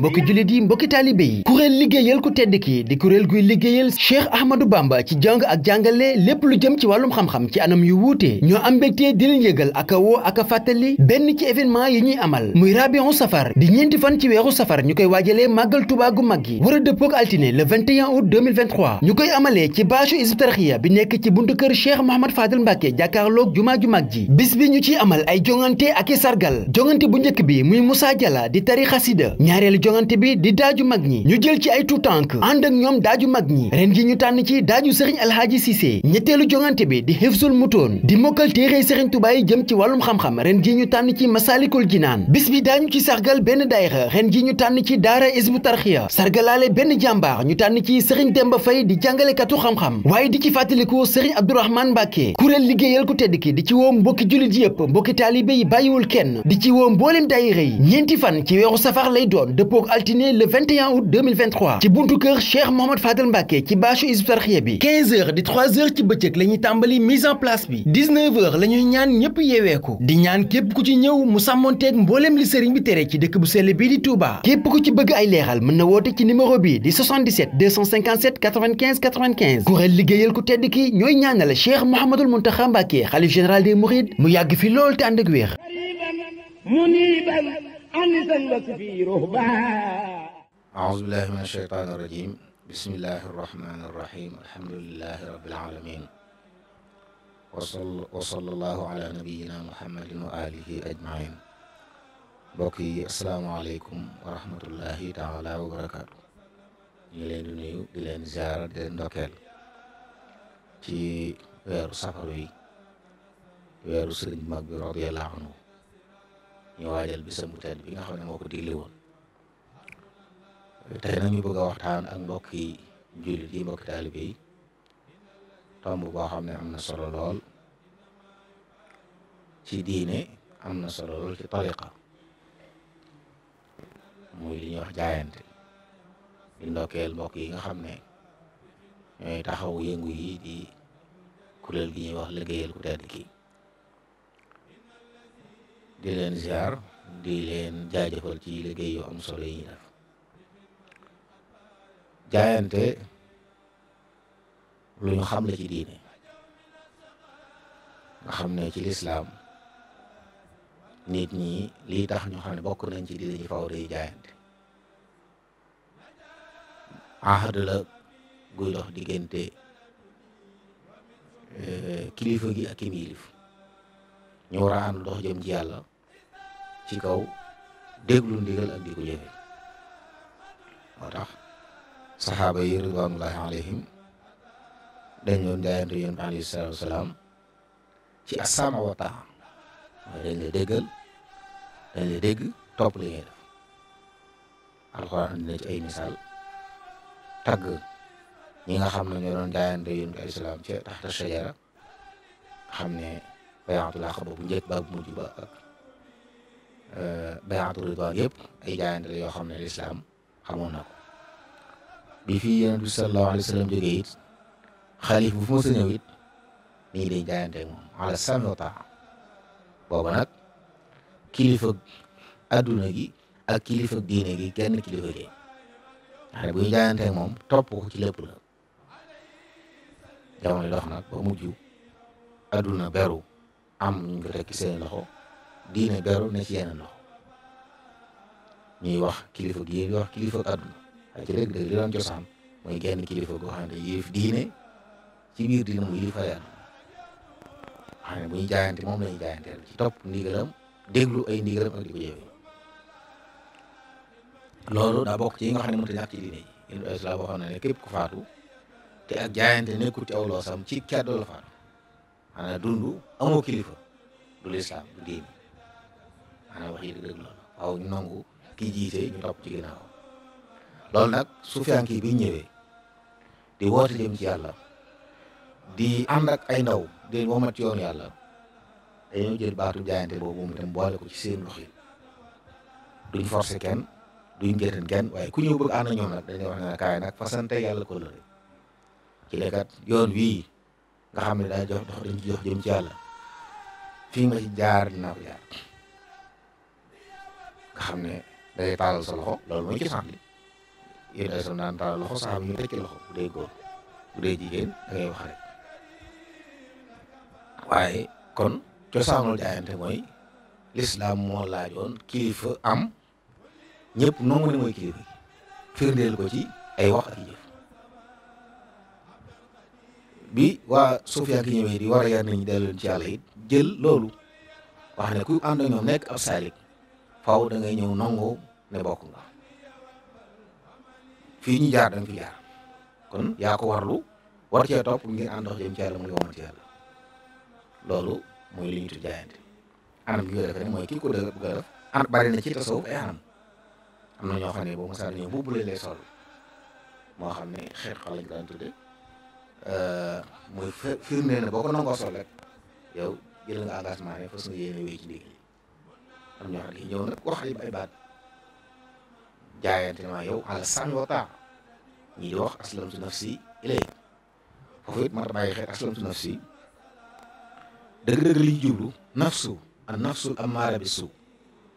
mbokki jullit yi mbokki taalibe yi kuréel liggéeyal ku tedd ki di kuréel guy liggéeyal Cheikh Ahmadou Bamba ci jàng ak jàngale lépp lu jëm ci wàllum xam-xam ci anam yu wuute ñoo am mbégte dina leen yëgal ak a woo ak fàttali benn ci événement yi ñuy amal muy rabion safar di ñeenti fan ci weexu safar ñu koy waajalee màggal Tuubaa gu mag yi war a dëppook altine le 21 août 2023 ñu koy amalee ci bâchu Hizbut Tarqiyyah bi nekk ci buntu kër Cheikh Mouhamad Fadel Mbàkke jàkkaarloog jumaa ju mag ji bis bi ñu ciy amal ay jongante ak sargal jongante bu njëkk bi muy Moussa Diala di tari xasida ñaareelu jongante bi di daaju mag ñi ñu jël ci ay tuutànk ànd ak ñoom daaju mag ñi ren gi ñu tànn ci daaju sëriñ alhaaji Cissé ñetteelu jongante bi di xifsul mutoon di mokkal téere sëriñ Tuubaa yi jëm ci wàllum xam-xam ren ji ñu tànn ci masaalikul jinaan bis bi daañu ci sargal benn daayira ren gi ñu tànn ci daara isbu tarxiya sargalaale benn jàmbaar ñu tànn ci sëriñ Demba Fay di jàngalekatu xam-xam waaye di ci fàttaliku sëriñ Abdourahmane Mbàkke kuréel liggéeyal ku tedd ki di ci woo mbokki jullit yëpp mbokki taalibe yi bàyyiwul kenn di ci woo mbooleem daayira yi ñeenti fan ci weeru safar lay doon yemook altine le 21 août 2023 ci buntu kër Cheikh Mohamed Fadel Mbacke ci bâchu Hizbut Tarqiyyah bi 15 di 3 ci bëccëg la tàmbali mise en place bi 19 ñaan ñëpp yeeweeku di ñaan képp ku ci ñëw mu sàmmonteeg mbooleem li sëriñ bi tere ci dëkk bu sell bii di Touba képp ku ci bëgg ay leeral mën na woote ci numéro bi di 77 liggéeyal ku tedd ki ñooy ñaanal Cheikh Mouhamadoul Mountakha Mbacke xalif général des Mourides mu yàgg fi lool te ànd ak wéer أنسا وكبيرهما أعوذ بالله من الشيطان الرجيم بسم الله الرحمن الرحيم الحمد لله رب العالمين وصل وصلى الله على نبينا محمد وآله أجمعين بقي السلام عليكم ورحمة الله تعالى وبركاته ñu leen di nuyu di leen ziara di leen ndokkeel ci weeru safar wi weeru sëriñ mag bi radiyallahu anhu ñu waajal bisam bu bi nga xam ne moo ko digle woon tey nag bëgg a waxtaan ak mbokki jullit yi mbokki taalibe yi tomb boo xam ne am na solo lool ci diine am na solo lool ci tariqa muy li ñuy wax jaayante di ndokkeel mbokk yi nga xam ne ñooy taxaw yëngu yi di kuréel gi ñuy wax liggéeyal ku tedd di leen ziar di leen jaajëfal ci liggéey yu am solo yi ñuy lu ñu xam la ci diine nga xam ne ci lislaam nit ñi lii tax ñu xam ne bokk nañ ci diine ji faw day jaayante ahad la dox diggante eh, kilifa gi ak kim yilif ñu war a dox jëm ci yàlla ci kaw déglu ndigal ak di ko jëfe moo tax saxaaba yi ridwanullahi alayhim dañ doon jaayante yonent bi alayhi salaatu wasalaam ci asama wa taa mooy dañ lay déggal dañ lay topp li alxuraan dina ci ay misaal tagg ñi nga xam ne ñoo doon jaayante yonent bi alayhi salaam ci taxta sajara xam ne bayaatul àq ba bu njëkk ba bu bayaatu ridwaan yëpp ay jaayante la yoo xam ne lislaam xamoon na ko bi fii yonent bi sallallahu alayhi xalif bu fu ma sa ñëw it nii dañ ala sami wa taa booba nag kilifa adduna gi ak kilifa diine gi kenn kilifa gi bu ñu jaayante moom topp ko ci lépp la jamono dox nag beru am ñu ko teg loxo diine beru ne ci yeneen loxo ñuy wax kilifa gi ñuy wax kilifa àdduna ak ci dëgg-dëgg li doon cosaan mooy genn kilifa goo xam ne diine ci biir diine mu yilif ay àdduna xam ne bu ñu jaayante moom la ñuy jaayanteel ci topp ndigalam déglu ay ndigalam ak di ko jëfe loolu daa bokk ci yi nga xam ne mënut a ci diine yi Ibnu Islam waxoon na ne képp ku faatu te ak jaayante nekkul ci aw loosam ci kàddu la faatu maanaam dund amoo kilifa du lislaam du diine maanaam wax yi dëgg loolu kii jiite ñu topp ci ginnaaw loolu nag sufiyanke bi ñëwee di woote jëm ci yàlla di ànd ak ay ndaw di womat ci yoonu yàlla dañoo jël baatu jaayante boobu mu tam boole ko ci seen doxin duñ forcé kenn duñ gétan kenn waaye ku ñëw bëgg ànd ñoom nag dañuy wax ne kaay nag fasante yàlla ko lëre ci lekkat yoon wii nga xam ne daa jox dox dañ ci jox jëm ci yàlla fii nga ci jaar dinaa ko jaar xam ne day taalal sa loxo loolu mooy cosaan li yéen ay sam daan taalal loxo saxaaba ñu tekki loxo bu dee góor bu dee jigéen da wax rek waaye kon cosaanul jaayante mooy lislaam moo laajoon kilifa am ñëpp nongu ne mooy kilifa yi firndeel ko ci ay wax ak bi waa Sufyaan ki ñëwee jël loolu wax ne ku ànd ak ñoom nekk ab saalik faw da ngay ñëw nangoo ne bokk nga fii ñu jaar da nga fi jaar kon yaa ko warlu war cee topp ngir àndox jëm ci yàlla mu yomal ci loolu mooy li tu tudd jaayante anam gi nga def rek mooy kii ko dëgg bëgg ci tasawuf ay anam am na ñoo xam ne boo mos a ñëw mbubb lañ sol moo xam ne xeet xal lañ ko daan tudde euh, mooy firnde ne boo ko nangoo sol rek yow jël nga engagement ne fas nga yéene wéy ci am ñoo xam ñëw nag wax ay ay baat jaayante maa yow ala sànni wa taa ñi di wax aslamtu nafsi ilay foofu it mat bàyyi xel aslamtu nafsi dëgg-dëgg liy jublu nafsu an nafsul amaara bi suu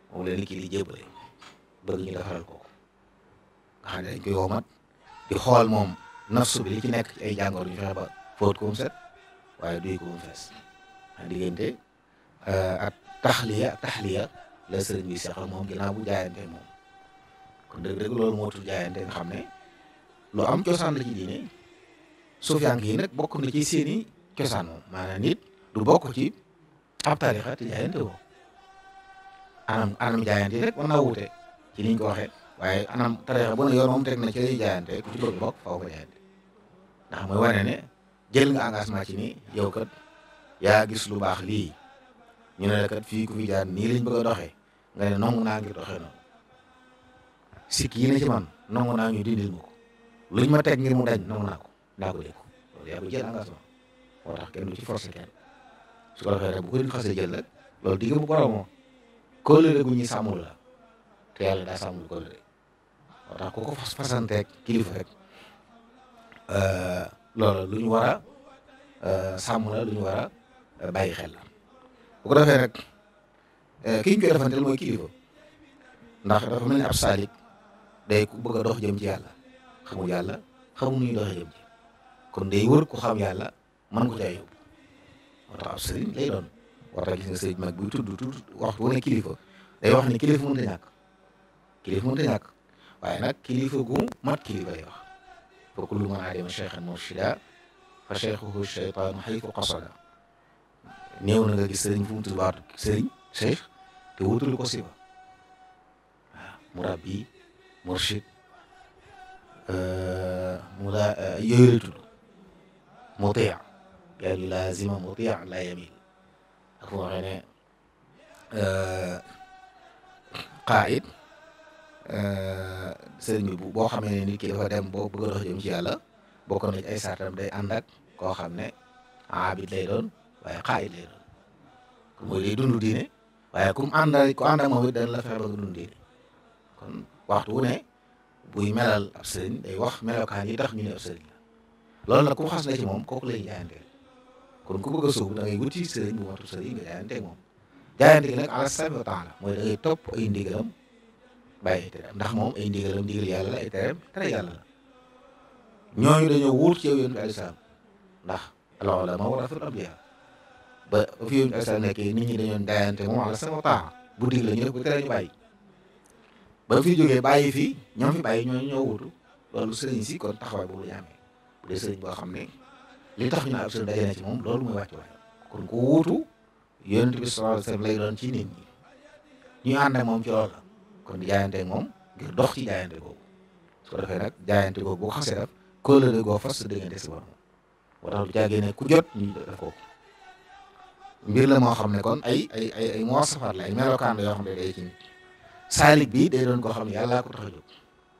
moom la nit ki di jébbale bëgg ñu defaral kooku nga xam ne dañ koy womat di xool moom nafsu bi li ci nekk ci ay jàngoor ñu fexe ba fóot ko mu set waaye duy ko mu fees diggante taxliya taxliya la sëriñ bi seexal moom moom kon dëgg-dëgg loolu moo tudd jaayante nga xam ne lu am cosaan la ci diine suufiyanke yi nag bokk na ci seeni cosaan moom maanaam nit du bokk ci ab tarixa te jaayante woo anam anam jaayante rek mën naa ci niñ ko waxee waaye anam tarixa bu ne yoon moom teg na ci lay ku ci bëgg bokk faaw ko jaayante ndax mooy wane ne jël nga engagement ci ni yow kat yaa gis lu baax lii ñu ne la kat fii fi jaar nii lañ bëgg a doxee nga ne nangu naa ngir doxee noonu sikk yi ci man nangu naa ñu dindil ma ko luñ ma teg ngir mu dañ nangu naa ko daa ko dégg loolu yaa ko jël moo tax kenn du ci forcer kenn su ko defee rek bu ko nit xasee jël nag loolu digg bu borom moom kóllëre gu ñuy sàmmul la te yàlla daa sàmmul kóllëre moo tax ku ko fas fasanteeg kilifa rek euh, loolu lu ñu war a euh, sàmm la lu ñu war a euh, xel la. bu ko defee nag eh, ki ñu koy defanteel mooy kilifa ndax dafa mel ni day ku bëgg a dox jëm ci yàlla xamul yàlla xamul nu ñuy doxee jëm ci kon day wër ku xam yàlla mën ko caa yóbbu moo tax ab sëriñ lay doon war tax nga sëriñ mag buy tudd tudd waxtu wane kilifa day wax ne kilifa mënut a ñàkk kilifa mënut a ñàkk waaye nag kilifa gu mat kilifa lay wax fa kullu man adima cheikhan murshida fa cheikhuhu cheytaanu xaytu qasada néew na nga gis sëriñ fu mu tudd baatu sëriñ cheikh te wutul ko siba waaw murabbi murshid euh, mula euh, yooyu la tudd lazima mutia la yamil ak foo xam ne euh, qaid sëriñ bi boo xamee nit ki dem boo bëgg a dox ci yàlla bokk ci ay sartam day ànd koo xam ne aabid lay doon waaye xaay lay doon mooy day dund diine waaye comme ànd ku ànd ak moom it la fexe ba nga dund diine kon waxtu wu ne buy melal ab sëriñ day wax melokaan yi tax ñu ne ab sëriñ la loolu nag ku xas na ci moom kooku la ñuy jaayante kon ku bëgg a sóobu da wuti sëriñ bu matu sëriñ nga jaayante moom jaayante gi nag ala sabi wa taala mooy da ngay topp ay ndigalam bàyyi ay ndax moom ay ndigalam ndigal yàlla la ay tereem tere yàlla la ñooñu dañoo ci yow yéen bi alei ndax alolama waratul ba fi yooyu ak sa nekkee nit ñi dañoon daayante moom wax la sama taax bu dig la ñu def bu tere ñu bàyyi ba fi jógee bàyyi fi ñoom fi bàyyi ñoo ñoo wutu loolu sëriñ si kon taxawaay boobu la ñu amee bu dee sëriñ boo xam ne li tax ñu ne ab sëriñ daje na ci moom loolu mooy wàccuwaay kon ku wuutu yonent bi sallallahu alayhi wasallam lay doon ci nit ñi ñu ànd ak moom ci loolu la kon di jaayante ak moom ngir dox ci jaayante boobu su ko defee nag jaayante boobu boo xasee def kóolóore goo fas sa diggante si borom moo tax lu jaagee ne ku jot ñu def ko mbir la moo xam ne kon ay ay ay ay muwasafaat la ay yoo xam ne day ci nit saalik bi day doon koo xam ne yàllaa ko tax a jóg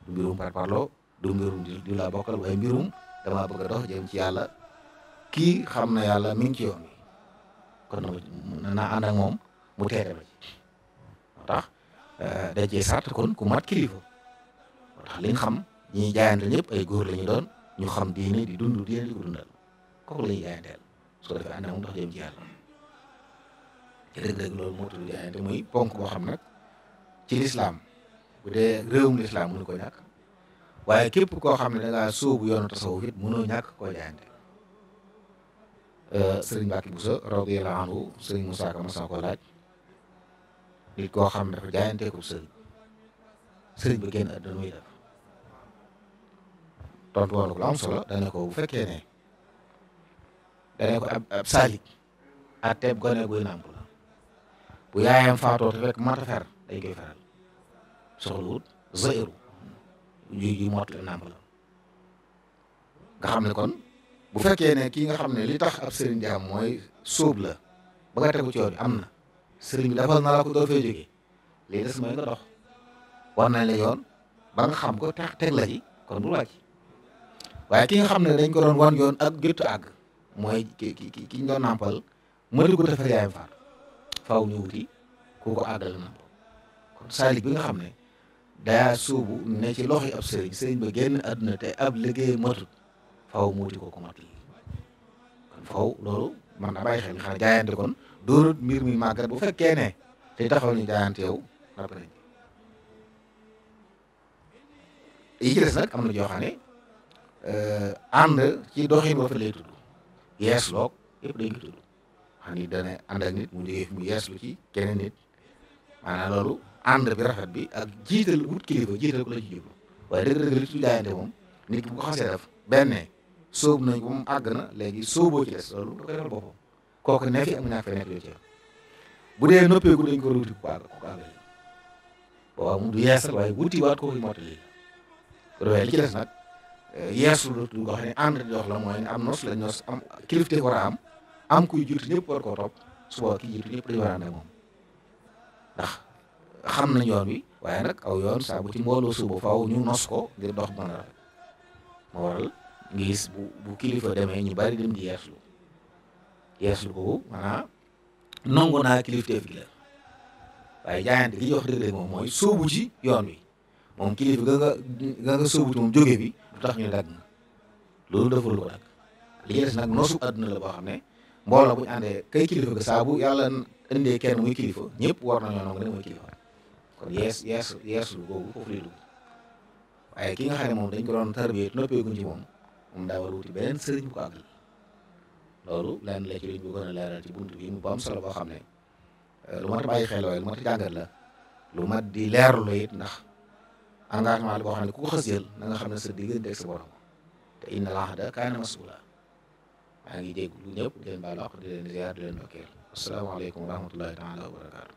du mbirum par parlo damaa bëgg a dox ci yàlla kii xam na yàlla mi ngi ci yoon kon na naa moom mu teere ma ci moo tax euh, day cee sart kon ku mat kilifa moo tax liñ xam ñiy jaayanteel ñëpp ay góor la doon ñu xam diine di dund diine di ko dundal kooku la ñuy jaayanteel ko defee ànd ak moom dëgg-dëgg loolu moo tudd muy ponk boo xam nag ci lislaam bu dee réewum lislaam mënu ko ñàkk waaye képp koo xam ne da ngaa sóobu yoonu tasawuf it mënoo ñàkk koo jaayante euh, sëriñ Mbacke Bousso radiyallahu anhu sëriñ Moussa Ka ko laaj nit koo xam ne dafa jaayante ko sëriñ sëriñ ba génn àdduna muy def tontu woon ko lu solo dana ko bu fekkee ne dana ko ab ab saalik atteeb gone guy nàmp bu yaayam faatoo te fekk mata fer dañ koy feral soxla wut zëru juy ju mot la nàmp la nga xam ne kon bu fekkee ne kii nga xam ne li tax ab sëriñ jaam mooy sóob la ba nga tegu ci am na sëriñ bi dafal na ko doo fee jógee lii yoon ba xam ko tax teg la ci kon bu wàcc waaye ki nga xam ne dañ ko doon wan yoon ak jottu àgg mooy ki ki ki ñu doon nàmpal mënatu ko te fekk yaayam faatu faw ñu wuti kooku àggal na kon saalik bi nga xam ne daa suubu ne ci loxo ab sëriñ sëriñ ba génn àdduna te ab liggéey matut faw mu ko kooku matul kon faaw loolu man na bàyyi xel xanaa jaayante kon dóorut mbir mi màggat bu fekkee ne te taxaw ñu jaayante yow napp nañ yi ci nag am na joo xam ne euh, ànd ci doxin wa fa lay tudd yees loog yëpp dañ ko tudd xam ni dana ànd ak nit mu jógee fi mu yeeslu ci keneen nit maanaam loolu ànd bi rafet bi ak jiital wut kilifa jiital ko la ci jublu waaye dëgg-dëgg li su jaayante moom nit ki bu ko xasee def benn sóob nañ ko moom àgg na léegi sóoboo ci des loolu da koy defal boppam kooku ne fi am naa fee nekk yoo ci bu dee noppeeku dañ ko ruuti ku àgg ku àgg waaw mu du yeesal waaye wuti waat kooku mottali la li ci des nag yeesu lu nga xam ne ànd dox la mooy am nos la nos am kilifte war a am am kuy jiitu ñëpp war ñëpp dañu war a ànd ak moom ndax xam nañ yoon wi waaye nag aw yoon saa bu ci mbooloo suba ñu nos ko ngir dox mën a rafet gis bu kilifa demee ñu bari dem di yeeslu yeeslu moom mooy sóobu yoon wi moom kilifa ga nga moom jóge bi du tax ñu dagg loolu deful ko nag li ci des nag noosu àdduna la boo xam ne. mbooloo bu àndee kay kilifa ga saa bu yàlla indee mu muy kilifa ñëpp war nañoo nangu ne mooy kilifa kon yees yees yeesu googu foofu lay ki nga xam ne moom dañ ko doon tarbiyee noppeeguñ ci moom moom daa war a wuti beneen sëriñ bu ko àggal loolu lenn la ci liñ bëggoon a leeral ci bunt bi mu bu am solo boo xam ne eh, lu mat a bàyyi xel waaye lu mat a jàngat la lu mat di leerlu it ndax engagement la boo xam ne ku ko xas jël na nga xam ne sa di ak sa borom te inna al maa ngi jégalu ñëpp di leen baal wax di leen ziar di leen ndokkeel asalaamaaleykum wa rahmatullahi wa barakaatu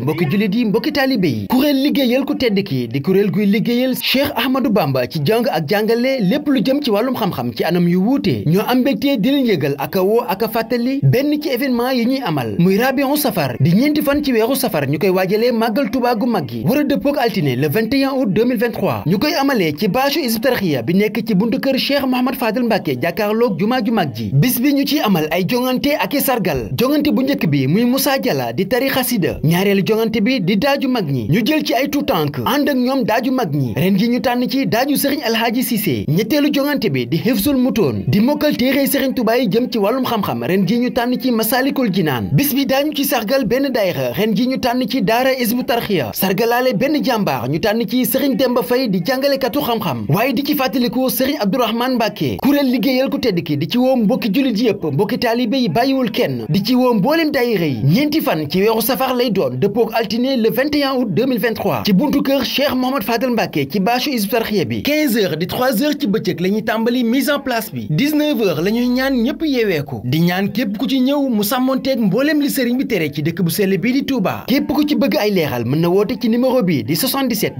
mbokki jullit yi mbokki taalibe yi kuréel liggéeyal ku tedd ki di kuréel guy liggéeyal Cheikh Ahmadou Bamba ci jàng ak jàngale lépp lu jëm ci wàllum xam-xam ci anam yu wuute ñoo am mbégte di leen yëgal ak a woo ak a fàttali benn ci événement yi ñuy amal muy rabion safar di ñeenti fan ci weexu safar ñu koy waajalee màggal Tuubaa mag yi war a dëppook altine le 21 août 2023 ñu koy amalee ci bâchu Hizbut Tarqiyyah bi nekk ci buntu kër Cheikh Mouhamad Fadel Mbàkke jàkkaarloog jumaa ju mag ji bis ñu ciy amal ay jongante ak i sargal jongante bu njëkk bi bi muy Moussa Diala di tari xasida ñaareelu jongante bi di daaju mag ñi ñu jël ci ay tànk ànd ak ñoom daaju mag ñi ren gi ñu tànn ci daaju sëriñ alhaaji sise ñetteelu jongante bi di xifsul mutoon di mokkal téere sëriñ Tuubaa yi jëm ci wàllum xam-xam ren gi ñu tànn ci masaalikul jinaan bis bi daañu ci sargal benn daayira ren gi ñu tànn ci daara isbu tarxiya sargalaale benn jàmbaar ñu tànn ci sëriñ Demba Fay di jàngalekatu xam-xam waaye di ci fàttaliku sëriñ Abdourahmane Mbàkke kuréel liggéeyal ku tedd ki di ci woo mbokki jullit yëpp mbokki taalibe yi bàyyiwul kenn di ci woo mboolem daayira daayira ñeenti fan ci weeru safar lay doon dëppook altine le 21 ci buntu kër Cheikh Mohamed Fadel Mbacke ci bâchu Hizbut Tarqiyyah bi 15 di 3 ci bëccëg la tàmbali mise en place bi 19 heures la ñaan ñëpp yeeweeku di ñaan képp ku ci ñëw mu sàmmonteeg mbooleem li sëriñ bi tere ci dëkk bu sell bii di Touba képp ku ci bëgg ay leeral mën na woote ci numéro bi di 77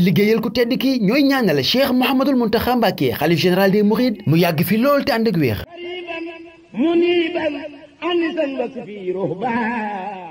liggéeyal ku tedd ki ñooy ñaanal Cheikh Mouhamadoul Mountakha Mbacke xalif général منيبا أنسا وسفي رهبان